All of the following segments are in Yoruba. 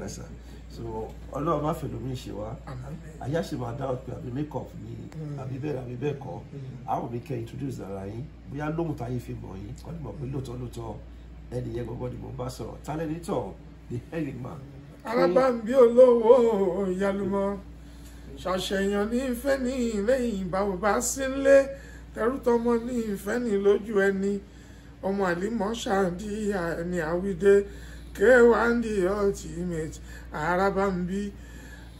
ẹsẹ so Ọlọ́run má fẹlẹ mi ṣe wá ayé àṣẹ máa dá ọpẹ àbí make up ni mm. àbí bẹ́ẹ̀ àbí bẹ́ẹ̀ kọ́ àwọn mi kẹ introduce ara yín bóyá lóhùn táyé fi mọ̀ yín kọ́ ni mọ̀ pé lóòótọ́ lóòótọ́ ẹni yẹn gbọ́gbọ́ ni mo bá sọ̀rọ̀ tálẹ́nítọ̀ the hailing man. alábàámbí olówó ìyálùmọ̀ ṣàṣeyàn ní ìfẹ́ ní ilé ìbáwò bá sílé tẹrútọmọ ní ìfẹ́ ní lójú ẹni ọmọ àlímọ́ ṣáà k the ultimate Arabambi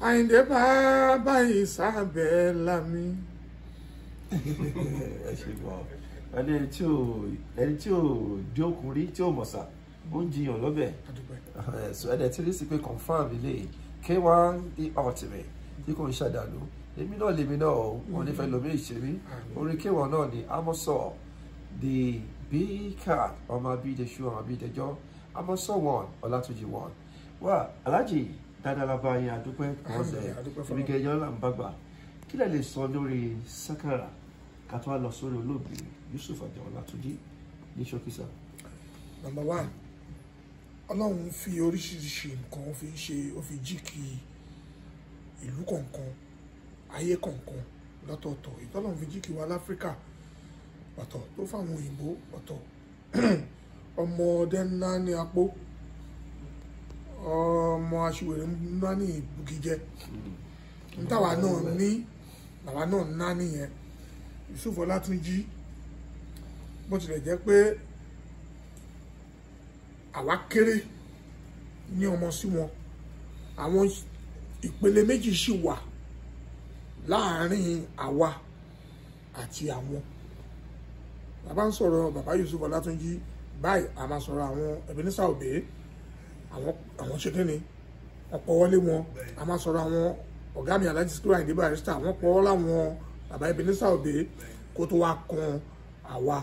Àyìndé bàbá Ìsàbẹ̀là mi. ẹ ṣe gbọ́ ẹni tí ò ẹni tí ò jókòó rí tí ò mọ̀sà ó ń jiyàn lọ́bẹ̀ ẹ̀sùn ẹ̀dẹ̀ tí rí sí pé confam ilé k the ultimate tí kò ń ṣàdánù èmi náà lèmi náà o wọn ní fẹ́ lomi ìṣeré orin K1 náà ni amọ̀sọ̀ the big cat ọmọ abídẹ́sù ọmọ abídẹ́jọ́ amọ̀sán one ọlátúnjì one wá aláàjì dáadáa bá yín adúpẹ́ kọ́ọ̀sẹ̀ ibi kẹjọ là ń bàgbà kí lẹ lè sọ lórí sakara ká tó wá sórí olóògbé Yusuf Àjàó Ọlátúnjí ní ṣókísà. number one ọlọ́run fi oríṣiríṣi nǹkan ó fi ń ṣe ó fi jí kí ìlú kọ̀ọ̀kan ayé kọ̀ọ̀kan lọ́tọ̀ọ̀tọ̀ ìtọ́lọ́run fi jí kí wa láfíríkà ọ̀tọ̀ tó fáwọn òyìnbó ọ̀tọ̀ ọmọdé ńlá ní apó ọmọ aṣiwèrè ńlá ní ìbùkíjẹ nítawà náà ní làwa náà ńlá nìyẹn Yusuf Ọlátúnjí bó tilẹ̀ jẹ́ pé àwa kéré ní ọmọ sí wọn àwọn ìpele méjì sì wà láàárín àwa àti àwọn bàbá ń sọ̀rọ̀ bàbá Yusuf Ọlátúnjí báyìí a máa sọ̀rọ̀ àwọn Ebenezer Obey àwọn ṣe kí ni ọ̀pọ̀ wọlé wọn a máa sọ̀rọ̀ àwọn ọ̀gá mi Alhaji Sikiru Ayinde Barrister wọ́n pọ̀ láwọn bàbá Ebenezer Obey kó tó wá kan àwa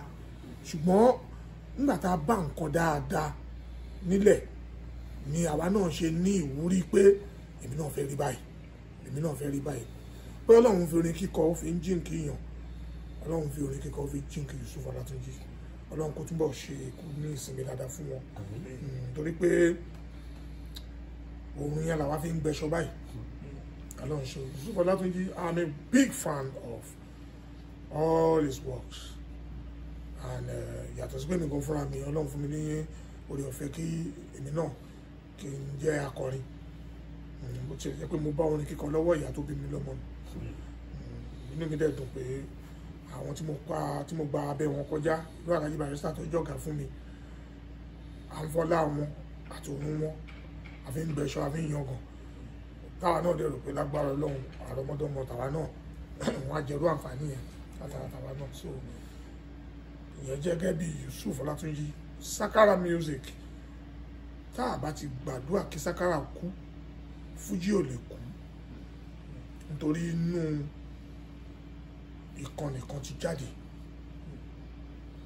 ṣùgbọ́n nígbà tá a bá nǹkan dáadáa nílẹ̀ ni àwa náà ṣe ní ìwúrí pé èmi náà fẹ́ rí báyìí èmi náà fẹ́ rí báyìí pé ọlọ́run fi orin kíkọ ó fi ń jíǹkì yàn ọlọ́run fi orin kíkọ ó fi jíǹkì Yusuf Ọlátúnjí ọlọ́run kó túbọ̀ ṣe ikú ní ìsinmi dáadáa fún wọn hmm, torí pé òun yẹn làwa fi ń gbẹṣọ báyìí hmm. ọlọ́run ṣe Yusuf Ọlátúnjí I'm a big fan of all his works and uh, yàtọ̀ sí pé mi gan fúnra mi ọlọ́run fún mi ní oore ọ̀fẹ́ kí èmi náà kí n jẹ́ akọrin mo hmm, ti jẹ́ pé mo bá orin kíkọ lọ́wọ́ ìyá tó bí mi lọ́mọ inú mi dẹ̀ dùn pé àwọn tí mo pa tí mo gba abẹ́ wọn kọjá ìlú àlájì Barrister tó jọ̀gá fún mi à ń fọlá wọn àti òun wọn àfi ń bẹ̀ṣọ àfi ń yangàn táwa náà dẹ̀ rò pé lágbára ọlọ́run àrọ́mọdọ́mọ tàwa náà wọn á jẹrú àǹfààní yẹn látara tàwa náà so ìyẹn jẹ́ gẹ́gẹ́ bí Yusuf Ọlátúnjí Sakara music tá a bá ti gbàdúrà kí Sakara kú fújì ò lè kú nítorí inú. No, ìkànnì kan ti jáde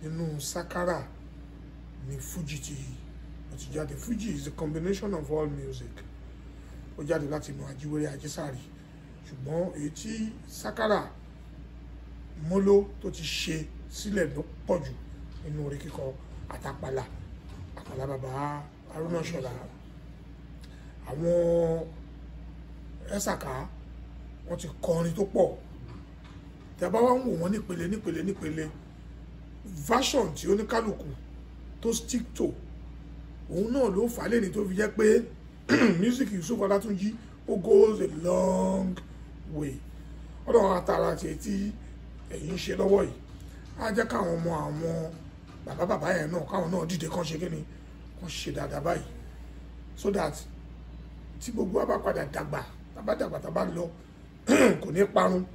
nínú sakara ni fuji ti wọ́n ti jáde fuji is a combination of all music ó jáde láti inú ajíwèrè ajísàrí ṣùgbọ́n èyí tí sakara molo tó ti ṣe sílẹ̀ ló pọ̀ jù nínú orí kíkọ àtàpàlà àpàlà bàbá haruna ṣọlá àwọn ẹsàká wọ́n ti kọrin tó pọ̀ tẹ́ bá wá ń wò wọ́n nípele nípele nípele version tí oníkálukú tó stick to òun náà ló fà á lẹ́ni tó fi jẹ́ pé music Yusuf Ọlátúnjí ó goes a long way ọlọ́run àtàrà àti etí ẹ̀yìn ń ṣe lọ́wọ́ yìí á jẹ́ káwọn ọmọ àwọn bàbá bàbá yẹn náà káwọn náà dìde kán ṣe kíni kán ṣe dáadáa báyìí so that tí gbogbo wa bá padà dàgbà tá bá dàgbà tá bá lọ kò ní parun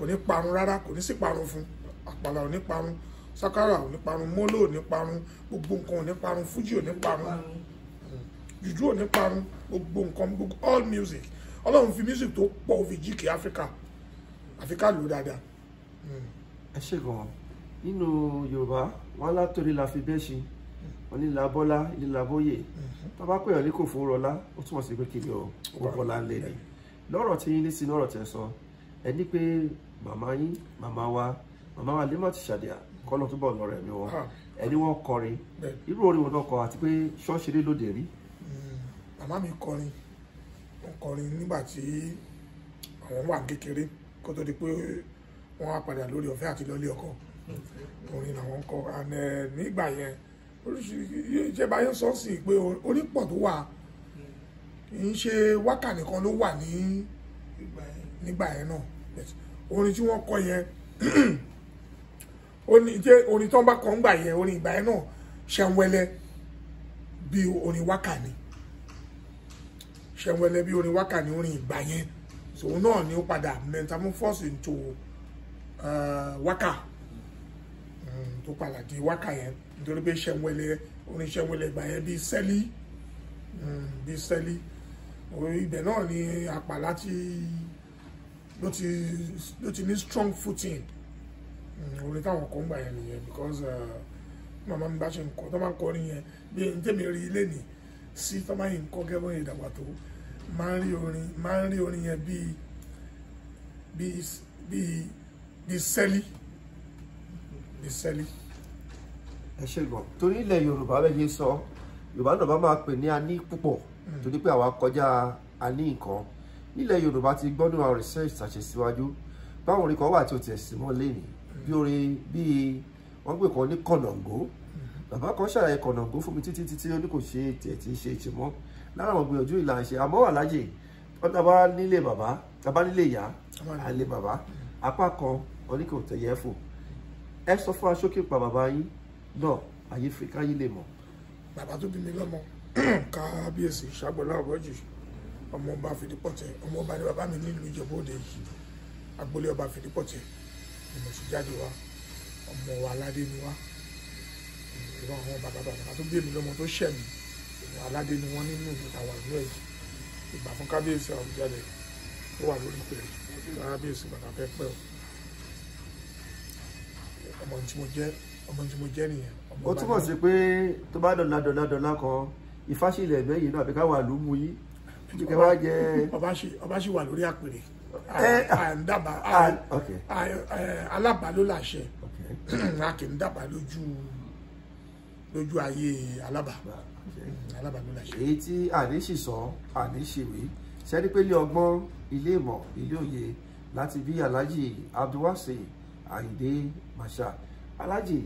kò ní parun rárá kò ní sí parun fún àpàlà ò ní parun sakara ò ní parun molo ò ní parun gbogbo nǹkan ò ní parun fuji ò ní parun juju ò ní parun gbogbo nǹkan gbogbo all music ọlọ́run fi music tó pọ̀ fi jíkì áfíríkà áfíríkà lò dáadáa. Hmm. ẹ ṣe gan nínú yorùbá wọn látòrí la fi bẹ́ẹ̀ ṣe onílà bọ́lá ìlà bóyè hmm. tọ́ba pé ọ̀lẹ́ kò fún rọlá ó túmọ̀ sí pé kí ni ó bọ́lá ń lé ni lọ́rọ̀ tí yín ní sí lọ́rọ̀ tẹ̀ sọ ẹ ní pé màmá yín màmá wa màmá wa Halimatu Sadiya kọ́nà túbọ̀ lọ rẹ̀ mi wọn ah. ẹni wọn kọrin irú orin wọn náà kọ àti pé ṣọ́ọ̀ṣì lè lóde rí. Hmm, màmá mi kọrin wọn kọrin nígbà tí àwọn wà kékeré kó tó di pé wọn á padà lórí ọ̀fẹ́ àti lọ́lé ọkọ hmm. orin làwọn kọ eh, nígbà yẹn oríṣiríṣi ìjẹba yẹn sọ sí pé onípọ̀ tó wà hmm. kì í ṣe wákà nìkan ló wà ní ìgbà yẹn nígbà yẹn náà orin tí wọ́n kọ yẹn orin tí wọ́n bá kọ ńgbà yẹn orin ìgbà yẹn náà ṣẹ̀wẹ̀lẹ̀ bí orin wákà ni ṣẹ̀wẹ̀lẹ̀ bí orin wákà ni orin ìgbà yẹn òun náà ni ó padà metamorphose into eh, wákà hmm, tó padà di wákà yẹn nítorí pé ṣẹ̀wẹ̀lẹ̀ orin ṣẹ̀wẹ̀lẹ̀ ìgbà yẹn bíi sẹ́lí hmm, bíi sẹ́lí ibẹ̀ náà ni àpàlà ti ló ti ní strong footing mm, orin táwọn kan gbà yẹn nìyẹn because uh, màmá mi bá ṣe ń kọ tó máa ń kọrin yẹn bí n tẹ́mi rí ilé nì sí tó máa ń kọ́ gẹ́gẹ́ bóyá ìdàgbà tó máa ń rí orin máa ń rí orin yẹn bíi bíi bíi bíi sẹ́lí bíi sẹ́lí. ẹ ṣe gbọ́n torí ilẹ̀ yorùbá bẹ́ẹ̀ sọ yorùbá náà bá máa pè ní a púpọ̀ mm. torí pé àwa kọjá a nǹkan nílẹ̀ yorùbá ti gbọ́dọ̀ àwọn research ṣàṣesíwájú báwọn orin kan wà tí o tiẹ̀ sí mọ́ lẹ́nu bí orin bíi wọ́n gbé kan ní kọ̀nàngó bàbá kan ṣàlàyé kọ̀nàngó fún mi títí títí ó ní kò ṣe tiẹ̀ tí ń ṣe ètò mọ́ lára àwọn gbìyànjú ìlà ṣe àmọ́ wà láyè tọ́tàbá nílé bàbá tàbá nílé ìyá àlè bàbá apá kan oníkè ò tẹ̀yẹ́ fò ẹ sọ fún aṣókè pa bàbá yín náà àyè fi káyé lè mọ̀. bàbá tó bí mi lọ́mọ kábíyèsí ṣàgbọ́lá ọ̀gọ́jì ọmọọba fìdípọ̀tẹ́ ọmọọba ni bàbá mi nílùú ìjọba òde yìí agboolé ọba fìdípọ̀tẹ́ ni mo sì jáde wá ọmọ wa aládé ni wá ìran àwọn bàbá bàbá tó bí èmi lọ́mọ tó ṣẹ̀ mí ìran aládé ni wọ́n nínú ìlú tàwa ìlú ẹ̀ yìí ìgbà fún kábíyèsí àwọn ìjàlè tó wà lórí ìpè kábíyèsí bàtà fẹ́ pẹ́ o ọmọ tí mo jẹ́ ọmọ tí mo jẹ́ nìyẹn. ó túbọ̀ sí pé tó bá dọ̀la dọ̀la dọ̀la kan ìfásílẹ̀ ẹ̀gbẹ́ yìí náà àbíká wà ló mú yìí ẹ wá jẹ. ọba ṣì wà lórí àpèrè eh, àǹdàbà ah, ah, alábà ló láṣẹ a kì í dàbà lójú lójú ayé alábà ah, alábà ló láṣẹ. èyí tí àní sì sọ àní sì wí sẹ́ni pé ilé ọgbọ́n ilé ìmọ̀ ilé òye láti bí aláàjì abdulwasi ayinde masha aláàjì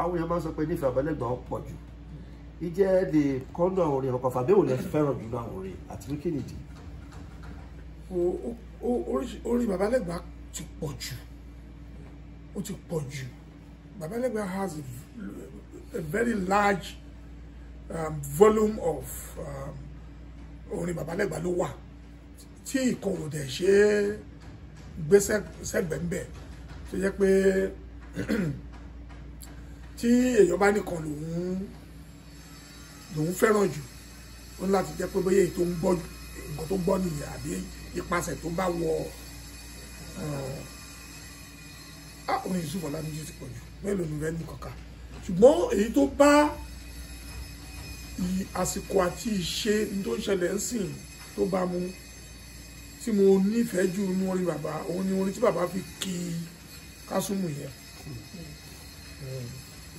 àwọn èèyàn máa ń sọ pé nífẹ̀ẹ́ abẹ́lẹ́gbọ̀n pọ̀ jù ìjẹ́ the kọ́ńdù àwọn orin ọkọ̀ fàbí òun lẹ fẹ́ràn jù àwọn orin àti wíkì nìdí. orin babalẹ́gbà ti pọ̀ jù ó ti pọ̀ jù babalẹ́gbà has a, a very large um, volume of um, orin babalẹ́gbà ló wà tí ìkòrò dẹ̀ ṣe é gbé sẹ́gbẹ̀ẹ́mbẹ̀ tó jẹ́ pé tí èèyàn bá nìkan lòun lòun fẹ́ràn jù ó ní láti jẹ́ pé bóyá èyí tó ń gbọ́ nǹkan tó ń gbọ́ nìyẹn àbí ipasẹ̀ tó bá wọ àwọn ah, yusuf ọlámíjì ti pọ̀ jù mélòó ni rẹ ní kankan ṣùgbọ́n èyí tó bá àsìkò àti ìṣe tó ń ṣẹlẹ̀ ń sìn tó bá mu tí mo nífẹ̀ẹ́ jù ní orin bàbá òun ni orin tí bàbá fi kí kásùmù yẹn.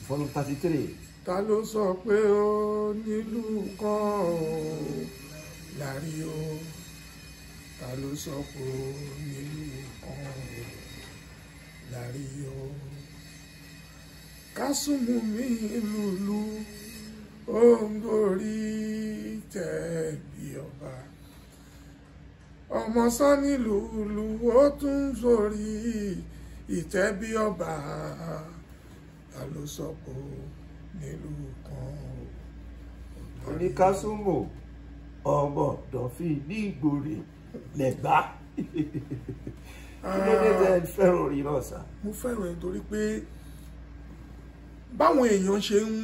fọlọ́ thirty ta ló sọ pé ó nílùú kan ó lárí o ta ló sọ pé ó nílùú kan ó lárí o kásùmù mi lùlù ó ń gorí tẹ̀bí ọba ọmọ sanni lùlù ó tún sórí ìtẹ́ ọba ta ló sọ pé ó nílùú kan torí kásùmù ọmọ dọ̀fí ní ìgbòrè lẹ́gbà kí ló dé tẹ́ fẹ́ràn orin náà sá. mo fẹ́ràn ẹ̀ torí pé báwọn èèyàn ṣe ń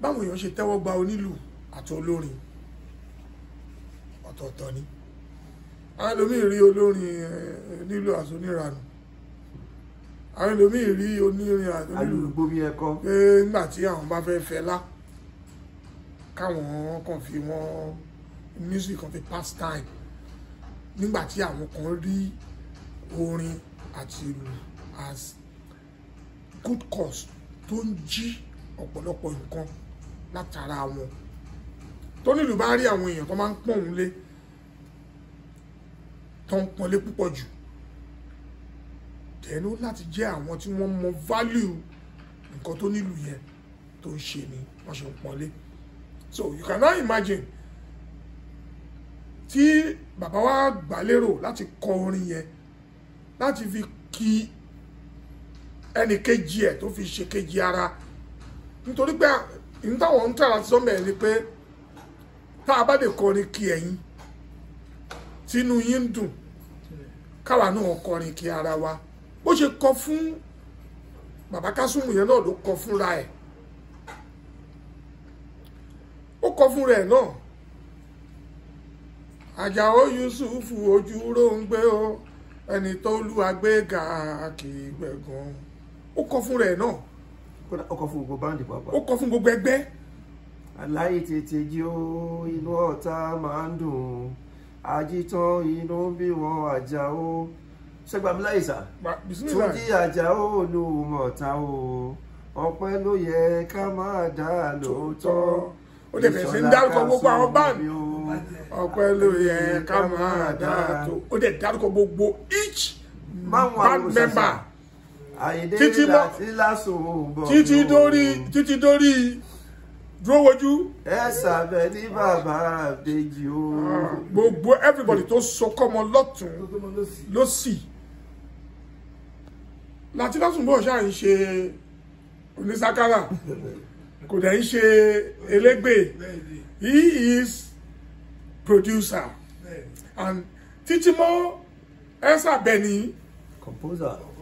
báwọn èèyàn ṣe tẹ́wọ́ gba onílù àti olórin ọ̀tọ̀ọ̀tọ̀ ni àwọn rí olórin eh, nílù àti onírànù àwọn ẹlòmíì rí onírin àdúgbò bí ẹ̀kọ́ nígbà tí àwọn bá fẹ́ fẹ́ lá káwọn kàn fi wọn music kan fi pass time nígbà tí àwọn kan rí orin àti ìlú as good cause tó ń jí ọ̀pọ̀lọpọ̀ nǹkan látara wọn tó nílùú bá rí àwọn èèyàn tó máa ń pọ́n òun lé tó ń pọ́n púpọ̀ jù then ó láti jẹ́ àwọn tí wọ́n mọ value nǹkan tó nílùú yẹn tó ń ṣe ni wọ́n ṣe ń pọ́nlé so you can now imagine tí bàbá wa gbà lérò láti kọ orin yẹn láti fi kí ẹnì kejì ẹ̀ tó fi ṣe kejì ara nítorí pé ìyẹn táwọn ń tàrà sọ́mẹ̀ ni pé tá a bá lè kọrin kí ẹ̀yin tínú yín ń dùn káwa náà kọrin kí ara wa bó ṣe kọ fún bàbá kásùmù yẹn náà ló kọ fúnra ẹ̀ ó kọ fúnra ẹ̀ náà àjàó yusuf ojú róńgbé o ẹni tó lu àgbéga kì í gbẹ̀gàn ó kọ fúnra ẹ̀ náà ó kọ fún gbogbo báńdì pàápàá ó kọ fún gbogbo ẹgbẹ́ aláyé tètè jí ó inú ọ̀tá máa ń dùn ajítan inú bí wọn àjà ó ṣẹgbàmí láyè sá túnjí àjàó olùmọ̀ta o ọpẹ́ ló yẹ ká máa dá lóòótọ́ ó dẹ̀ bẹ̀rẹ̀ sí ń dárúkọ gbogbo àwọn báàmì ọpẹ́ ló yẹ ká máa dá tó ó dẹ̀ dárúkọ gbogbo each band member títí mọ́ títí dórí títí dórí dúró wojú. ẹ ṣàbẹ̀ ní bàbá àbèjì o. Ah, gbogbo everybody tó sọkọ́ ọmọ lọ́tún ló sì. Látínátù bò ṣáà ń ṣe onísákárà kò dẹ̀ ń ṣe elégbè he is producer and Títímọ́ Ẹ́sà Bẹ̀ní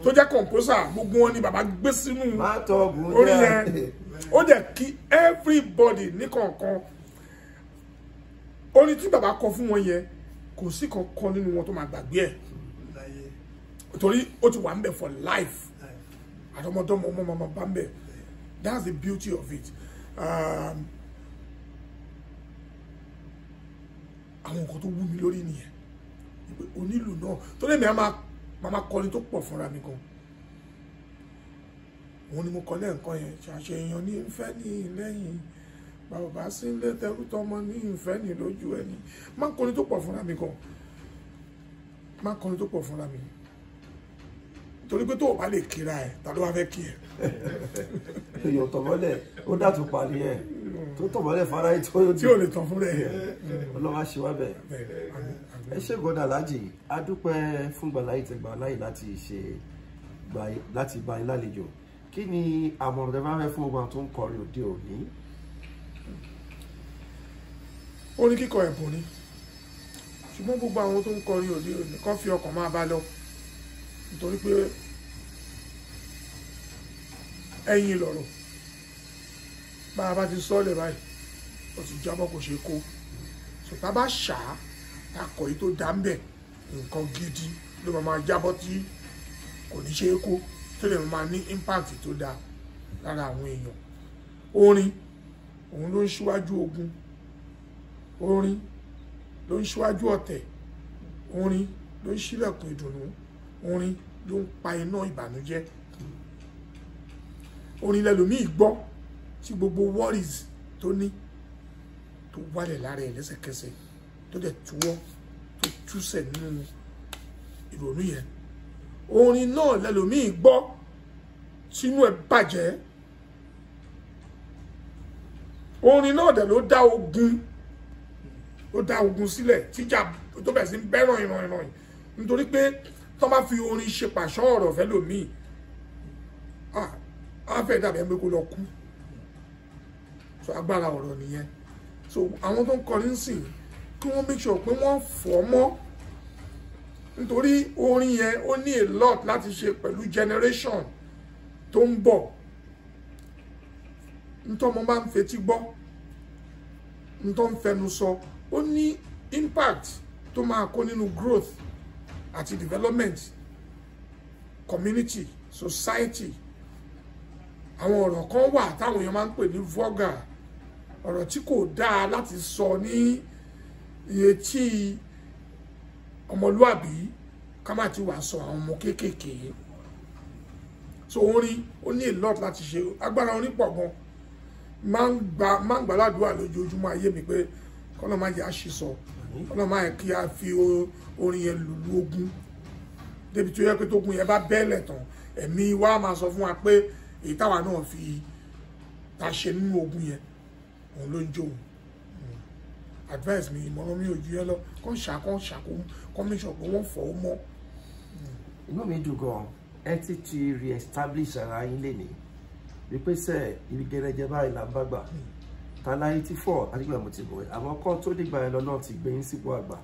tó jẹ́ composer gbogbo wọn ni bàbá gbé sínú orí yẹn ó dẹ̀ kí everybody ní kọ̀ọ̀kan orin tí bàbá kọ fún wọn yẹn kò sí kankan nínú wọn tó máa gbàgbé ẹ̀. Tori ó ti wà ń bẹ for life àtọmọdọmọ ọmọ mama bá ń bẹ that's the beauty of it um, àwọn nǹkan tó wú mi lórí nìyẹn ìpè onílù náà tó lè mi máa máa kọrin tó pọ̀ fúnra mi gan òun ni mo kọ lẹ́ẹ̀kan yẹn ṣàṣeyàn ní ìfẹ́ ní lẹ́yìn bàbá sílé tẹrú tọmọ ní ìfẹ́ ní lójú ẹni máa kọrin tó pọ̀ fúnra mi gan máa kọrin tó pọ̀ fúnra mi gan torí pé tó o bá lè kíra ẹ ta ló wá fẹ́ kí ẹ. èèyàn tọ̀mọ́lẹ̀ ó dàtú parí ẹ̀ tó tọ̀mọ́lẹ̀ fara ẹ̀ tí ó lè tàn fún rẹ̀. ọlọ́wà ṣe wá bẹ̀. ẹ ṣe gbọ́dọ̀ aláàjì adúpẹ́ fún gbàláyé tẹ gbàláyé láti ṣe láti gba yín lálejò kí ni àmọ̀ràn tẹ bá fẹ́ fún ọgbà tó ń kọrin òde òní. ó ní kíkọ ẹ̀bùn ni ṣùgbọ́n gbogbo àwọn tó ń kọrin òde òní kọ́ fi ọkàn máa bá lọ nítorí pé ẹ̀yìn lọ̀rọ̀ bá a bá ti sọ́ọ̀lẹ̀ báyìí ó ti jábọ́ kò ṣeé kó ṣùgbọ́n bá ṣá akọ̀ yìí tó dá ń bẹ̀ nǹkan gidi ló máa máa jábọ́ tí kò ní ṣeé kó tó lè máa ní impact tó dáa lára àwọn èèyàn orin òun ló ń ṣíwájú ogun orin ló ń ṣíwájú ọ̀tẹ̀ orin ló ń ṣílẹ̀kùn ìdùnnú orin ló ń pa iná ìbànújẹ́ orin lẹlòmíì gbọ́ tí gbogbo worries tó ní tó wálẹ̀ lára ẹ̀ lẹ́sẹ̀kẹsẹ̀ tó dẹ̀ túwọ́ tó túsẹ̀ nínú ìrònú yẹn orin náà lẹlòmíì gbọ́ tínú ẹ̀ bàjẹ́ orin náà dẹ̀ ló dá ogun ó dá ogun sílẹ̀ tíjà tó bẹ̀ sí ń bẹ́ràn ìrànìrànì nítorí pé tó bá fi orin ṣe pàṣọ ọ̀rọ̀ fẹ́ lòmíì á fẹ́ dàbí ẹgbẹ́ kó lọ kú so agbára ọ̀rọ̀ nìyẹn so àwọn tó ń kọrin sìn kí wọ́n make sure pé wọ́n fọ́ mọ́ nítorí orin yẹn ó ní a lot láti ṣe pẹ̀lú generation tó ń bọ̀ ntọ́mọ bá ń fetí gbọ́ ntọ́ ń fẹnu sọ ó ní impact tó máa kó nínú growth àti development community society àwọn ọ̀rọ̀ kan wà táwọn èèyàn máa ń pè ní vulgar ọ̀rọ̀ tí kò dáa láti sọ ní etí ọmọlúàbí ká má ti wàá sọ àwọn ọmọ kéékèèké so orin ó ní a lot láti ṣe agbára orin pọ̀ gan máa ń gbàládùúrà lójoojúmọ́ ayé mi pé kọ́nà má jẹ́ àṣìṣọ́ ọlọ́run máa kí a fi orin yẹn lùlù ogun débi tí ó yẹ pé tógun yẹn bá bẹ́ẹ̀lẹ̀ tán ẹ̀mí wa máa sọ fún wa pé èyí táwa náà fi ta ṣe nínú ogun yẹn òun ló ń jó òun advice mi ìmọ̀ràn mi ò ju yẹn lọ kọ́ ṣàkọ́ ṣàkóhun commission pé wọ́n fọ̀ ọ́ mọ́. inú mi dùn gan ẹ ti ti re-establish ara yín lénìí wípé sẹ́ẹ̀ ibi gẹ́gẹ́ báyìí là ń bá gbà. Mm ta ninety four àdìgbà mo ti bọ̀ ẹ́ àmọ́ kọ́ tó dìgbà yẹn lọ náà ti gbé yín sípò àgbà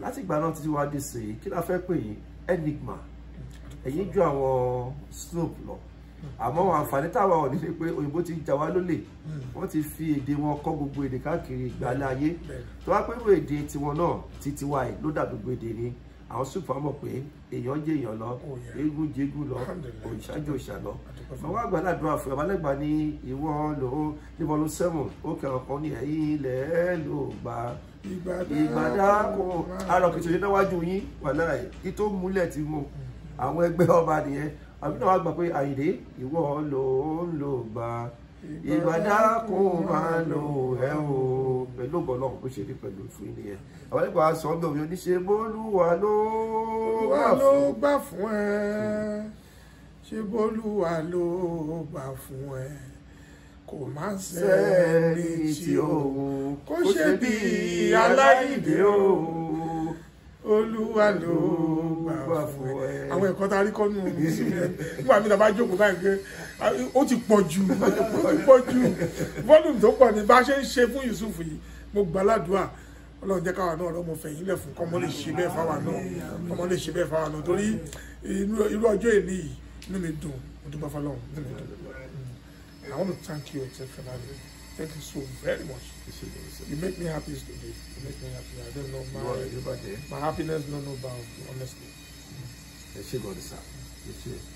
láti ìgbà náà títí wàá dé sí i kí la fẹ́ pè yín enigma ẹ̀yìn ju àwọn slope lọ àmọ́ àwọn àǹfààní táwa ò ní ni pé òyìnbó ti jà wá lólè hmm. wọ́n ti fi èdè wọn kọ́ gbogbo èdè káàkiri ìgbàlẹ̀ ayé tó wá pé èdè tiwọn náà ti tiwa ẹ̀ ló dà gbogbo èdè ni àwọn sùpà mọ̀ pé èèyàn jẹ́ èèyàn lọ oh, eégún jégún lọ òṣàjò òṣà lọ àwọn àgbàládùn àfẹ ọbalẹgbà ní ìwọ ló níbo ló sẹmùn ó kẹwọn kan ní ẹ̀yìn ilẹ̀ ló gbà ìgbàdá kò arọ kìtì òṣèlú níwájú yín wà lára yìí kí tó múlẹ̀ tí mo àwọn ẹgbẹ́ ọba nìyẹn àbí náà wàá gbà pé àyìnlé ìwọ ló ń lò gbà ìgbàdá kò máa lò ẹ́ o pẹ̀lú ògbọ́n náà bó ṣe rí pẹ̀lú òfin nìyẹn àwọn nípa sọ ọ́ bẹ̀rù oníṣe bólúwa ló gbà fún ẹ ṣe bólúwa ló gbà fún ẹ kò má sẹ́ni tí o kò ṣe bí aláìdè o olúwa ló. Ah, àwọn ẹ̀kọ́ tá a rí kọ́ nù mí sí nígbà mi tàbá jókòó báyìí pé ah, ó ti pọ̀ jù ó ti pọ̀ jù volume tó pọ̀ ní bá a ṣe ń ṣe fún Yusuf yìí mo gbàládùá ọlọ́run jẹ́ káwa náà lọ́mọ fẹ̀yìn lẹ̀ fún kọ́mọ lè ṣe bẹ́ẹ̀ fáwa náà kọ́mọ lè ṣe bẹ́ẹ̀ fáwa náà torí irú ọjọ́ èlé yìí inú mi dùn mo dúpẹ́ fọlọ́run inú mi dùn I want to thank you exceptionally thank you so very much you make me happy today you make me happy I don't know my, eh? my happiness no no bound honestly. She go to South. She.